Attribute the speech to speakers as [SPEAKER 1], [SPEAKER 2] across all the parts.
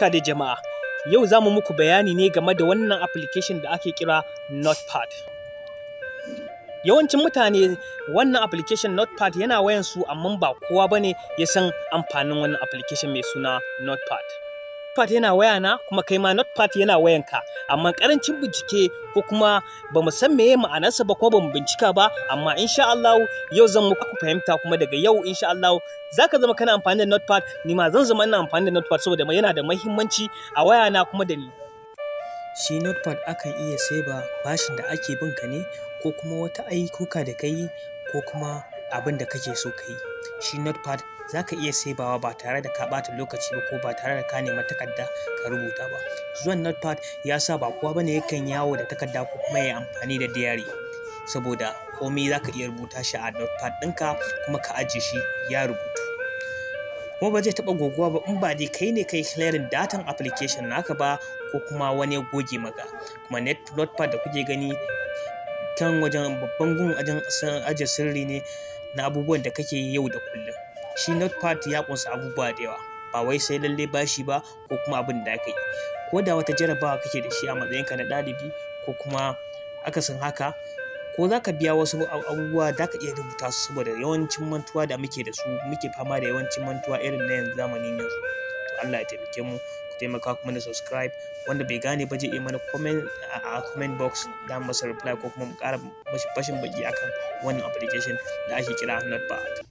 [SPEAKER 1] barka da jama'a yau za mu muku bayani ne game da wannan application da ake kira notepad yawancin mutane wannan application notepad yana wayansu amma ba kowa bane ya san amfanin wannan application mai suna notepad notepad yana wayana kuma kai ma notepad yana wayanka amma karancin bincike ko kuma ba mu san meye ma'anarsa ba ko ba mu bincika ba amma insha Allah yau zan muku fahimta kuma daga yau insha Allah zaka zama kana amfani da notepad ni ma zan zama ina amfani da notepad saboda yana da muhimmanci a na kuma da ni shi notepad akan iya sai ba bashin da ake bin ka ne ko kuma wata ayyuka da kai ko kuma abin da kake so ka yi shi notepad za ka iya saibawa ba tare da ka ɓata lokaci ba ko ba tare da ka nema takarda ka rubuta ba zuwan notepad ya sa ba kowa bane yakan yawo da takarda ko kuma ya amfani da diary saboda komai za ka iya rubuta shi a notepad ɗinka kuma ka ajiye shi ya rubutu kuma ba zai taɓa guguwa ba in ba dai kai ne kai clearing datan application naka ba ko kuma wani ya goge maka kuma notepad da kuke gani can wajen babban gun wajen ajiye sirri ne na abubuwan da kake yi yau da kullum shi notepad ya kunsa abubuwa da yawa ba wai sai lallai bashi ba ko kuma abin da aka yi ko da wata jarabawa kake da shi a matsayinka na ɗalibi ko kuma akasin haka ko za ka biya wasu abubuwa da ka iya rubuta su saboda yawancin mantuwa da muke da su muke fama da yawancin mantuwa irin na yanzu zamanin yanzu Allah ya taimake mu ku taimaka kuma da subscribe wanda bai gane ba je yi mana comment a comment box da masa reply ko kuma mu kara mashi fashin baki akan wannan application da ake kira Notepad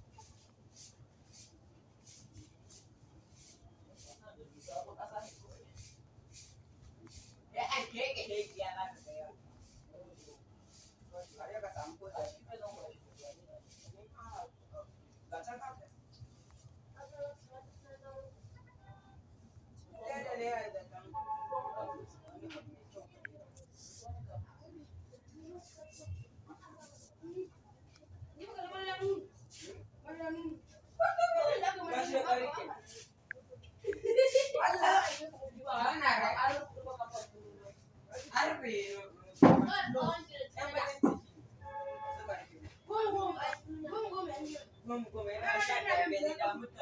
[SPEAKER 1] Mom, go ahead.